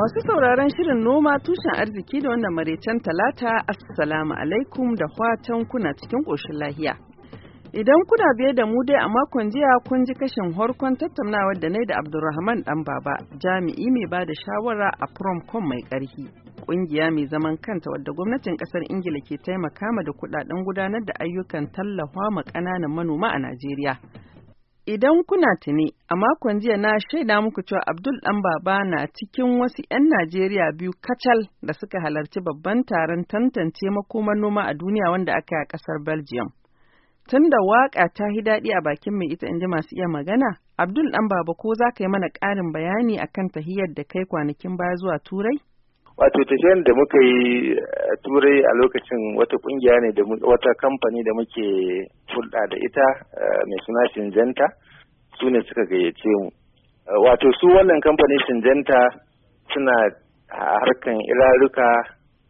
Masu sauraron shirin noma tushen arziki da wannan maraicen talata assalamu alaikum da fatan kuna cikin ƙoshin lahiya. Idan kuna biye da mu dai a makon jiya kun ji kashin horkon tattaunawar da na da Abdulrahman dan baba jami'i mai ba da shawara a Promcom mai ƙarfi. Ƙungiya mai zaman kanta wadda gwamnatin ƙasar Ingila ke taimaka ma da kuɗaɗen gudanar da ayyukan tallafa ma ƙananan manoma a Najeriya. Idan kuna tuni, a makon jiya na shaida muku cewa Abdul ɗan baba na cikin wasu 'yan Najeriya biyu kacal da suka halarci babban taron tantance makomar noma a duniya wanda aka yi a ƙasar Belgium. Tun da waƙa ta yi daɗi a bakin mai ita in masu iya magana, Abdul ɗan baba ko za ka yi mana ƙarin bayani akan tahiyar da kai kwanakin baya zuwa Turai? wato tafiyan da muka yi a turai a lokacin wata kungiya ne da wata kamfani da muke hulɗa da ita eh, mai suna shinjanta su ne suka gayyace mu eh, wato su wannan kamfani shinjanta suna harkan iraruka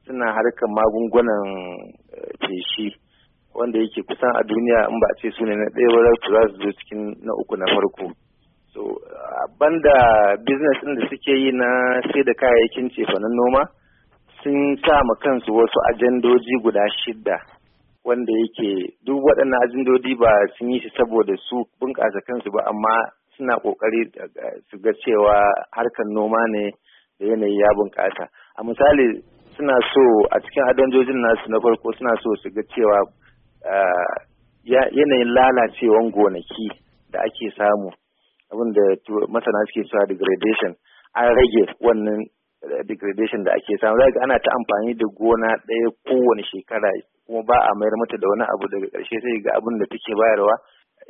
suna harkan magungunan eh, feshi wanda yake kusan a duniya in ba a ce su ne na ɗaya ba za su zo cikin na uku na farko so uh, banda business ɗin da suke yi na sai da kayayyakin cefanen noma sun sa ma kansu wasu ajandoji guda shidda wanda yake duk waɗannan ajandoji ba sun yi shi saboda su bunƙasa kansu ba amma suna ƙoƙari uh, uh, su ga cewa harkar noma ne da yanayi ya bunƙasa a misali suna so a cikin ajandojin nasu na farko suna so su ga cewa yanayin lalacewan gonaki da ake samu abin da masana suke cewa degradation an rage wannan eh, degradation da ake samu zaka ana ta amfani da gona ɗaya kowane shekara kuma ba a mayar mata da wani abu daga ƙarshe sai ga abin da take bayarwa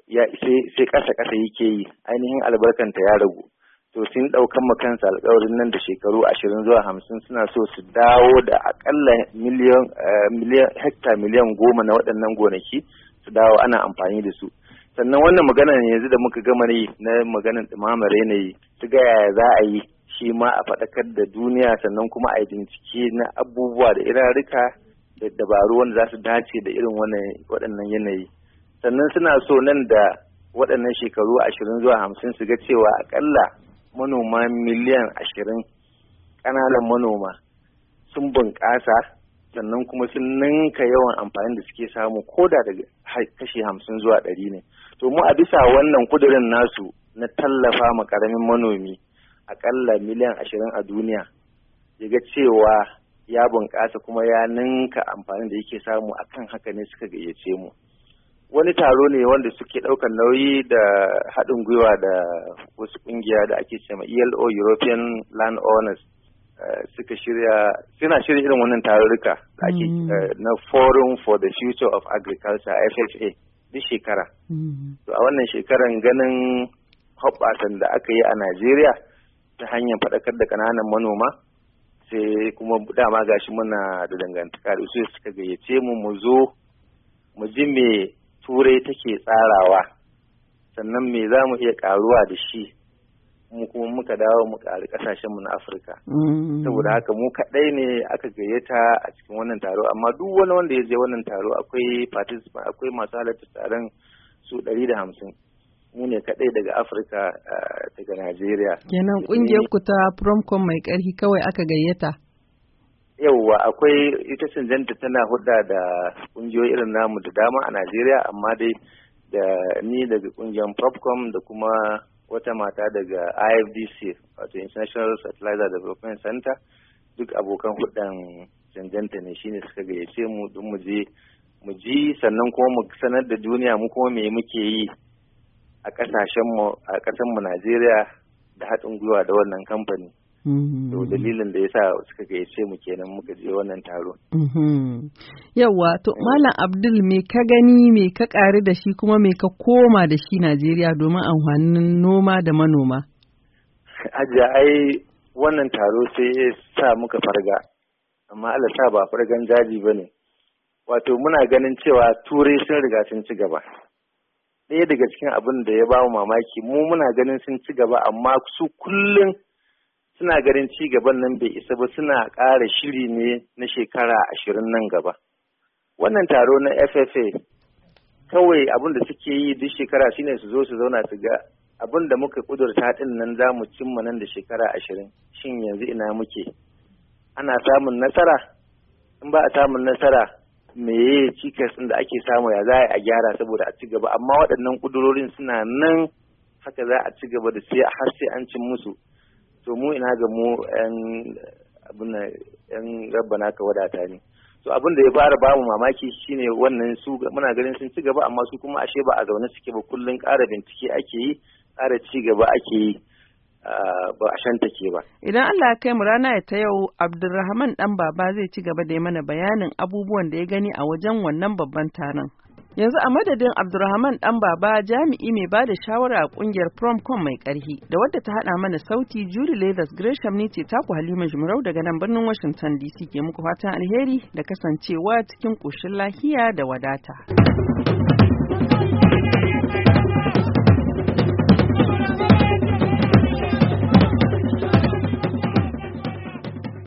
ya sai ƙasa ƙasa yake yi ainihin albarkanta ya ragu to sun ɗaukan ma kansu alƙawarin nan da shekaru ashirin zuwa hamsin suna so su dawo da aƙalla miliyan eh, hekta miliyan goma na waɗannan gonaki su dawo ana amfani da su sannan wannan magana yanzu da muka gama yi na maganar ɗumamar yanayi ta gaya za a yi shi ma a faɗakar da duniya sannan kuma a yi bincike na abubuwa da rika da dabaru wanda za su dace da irin waɗannan yanayi sannan suna so nan da waɗannan shekaru ashirin zuwa hamsin su ga cewa akalla manoma miliyan ashirin ƙananan manoma sun bunƙasa sannan kuma sun ninka yawan amfani da suke samu ko da daga kashi hamsin zuwa ɗari ne to mu a bisa wannan kudurin nasu na tallafa ma karamin manomi aƙalla miliyan ashirin a duniya ya ga cewa ya bunƙasa kuma ya ninka amfani da yake samu a kan haka ne suka gayyace mu wani taro ne wanda suke ɗaukar nauyi da haɗin gwiwa da wasu ƙungiya da ake cema ELO European Land Owners Eh, suka shirya suna shirya irin wannan tarurruka da ake mm. eh, na forum for the future of agriculture ffa duk shekara mm. to a wannan shekaran ganin hoɓɓasan da aka yi a najeriya ta hanyar faɗakar da ƙananan manoma sai kuma dama gashi muna da dangantaka da su suka gayyace mu mu zo mu ji me turai take tsarawa sannan me za mu iya ƙaruwa da shi mu kuma muka dawo mu ƙari ƙasashen mu na Afirka. Mm. Saboda haka mu kaɗai ne aka gayyata a cikin wannan taro amma duk wani wanda ya je wannan taro akwai participant akwai masu halarta taron su ɗari da hamsin. Mu ne kaɗai daga Afirka daga Najeriya. Kenan ƙungiyar ku ta Promcom mai ƙarfi kawai aka gayyata. yauwa akwai ita sinjanta tana hudda da ƙungiyoyi irin namu da dama a najeriya amma dai da ni daga kungiyar promcom da kuma wata mata daga IFDC wato International Fertilizer Development Center duk abokan hudan janjanta ne shine suka gayyace mu don mu je mu ji sannan kuma mu sanar da duniya mu kuma me muke yi a kasashen mu a kasan mu Najeriya da haɗin gwiwa da wannan kamfani Mm-hmm. to dalilin da ya sa suka gayyace mu kenan muka je wannan taro mm-hmm. yawa to malam abdul me ka gani me ka ƙari da shi kuma me ka koma da shi najeriya domin amfanin noma da manoma ajiya ai wannan taro sai ya sa muka farga amma Allah sa ba fargan jaji ba ne wato muna ganin cewa turai sun riga sun ci gaba ɗaya daga cikin abin da ya ba mu mamaki mu muna ganin sun ci gaba amma su kullum suna ganin ci gaban nan bai isa ba suna ƙara shiri ne na shekara ashirin nan gaba wannan taro na ffa kawai abin da suke yi duk shekara shine su zo su zauna su ga abin da muka kudurta ɗin nan za mu cimma nan da shekara ashirin shin yanzu ina muke ana samun nasara in ba a samun nasara meye cikas da ake samu ya za a gyara saboda a ci gaba amma waɗannan kudurorin suna nan haka za a ci gaba da sai har sai an cin musu so mu ina ga mu yan abin yan ka wadata ne so abin da ya fara ba mu mamaki shine wannan su muna ganin sun ci gaba amma su kuma ashe ba a zaune suke ba kullun ƙara bincike ake yi ƙara ci gaba ake yi ba a shanta ke ba. Idan Allah ya kai mu rana ta yau Abdulrahman dan baba zai ci gaba da mana bayanin abubuwan da ya gani a wajen wannan babban taron. Yanzu a madadin Abdulrahman dan baba jami'i mai ba da shawara a kungiyar Promcom mai karhi da wadda ta hada mana sauti Julie Leathers Gresham ne ce ku Halima Jumrau daga nan birnin Washington DC ke muku fatan alheri da kasancewa cikin koshin lahiya da wadata.